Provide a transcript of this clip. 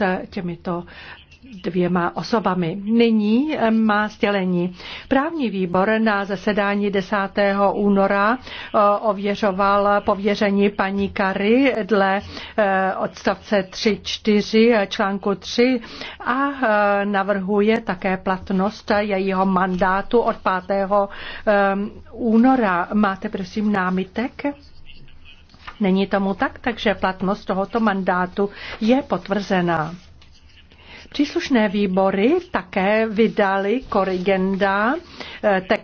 s těmito dvěma osobami. Nyní eh, má sdělení. Právní výbor na zasedání 10. února eh, ověřoval pověření paní Kary dle eh, odstavce 3.4 článku 3 a navrhuje také platnost jejího mandátu od 5. února. Máte prosím námitek? Není tomu tak, takže platnost tohoto mandátu je potvrzená. Příslušné výbory také vydali korigenda, eh, tak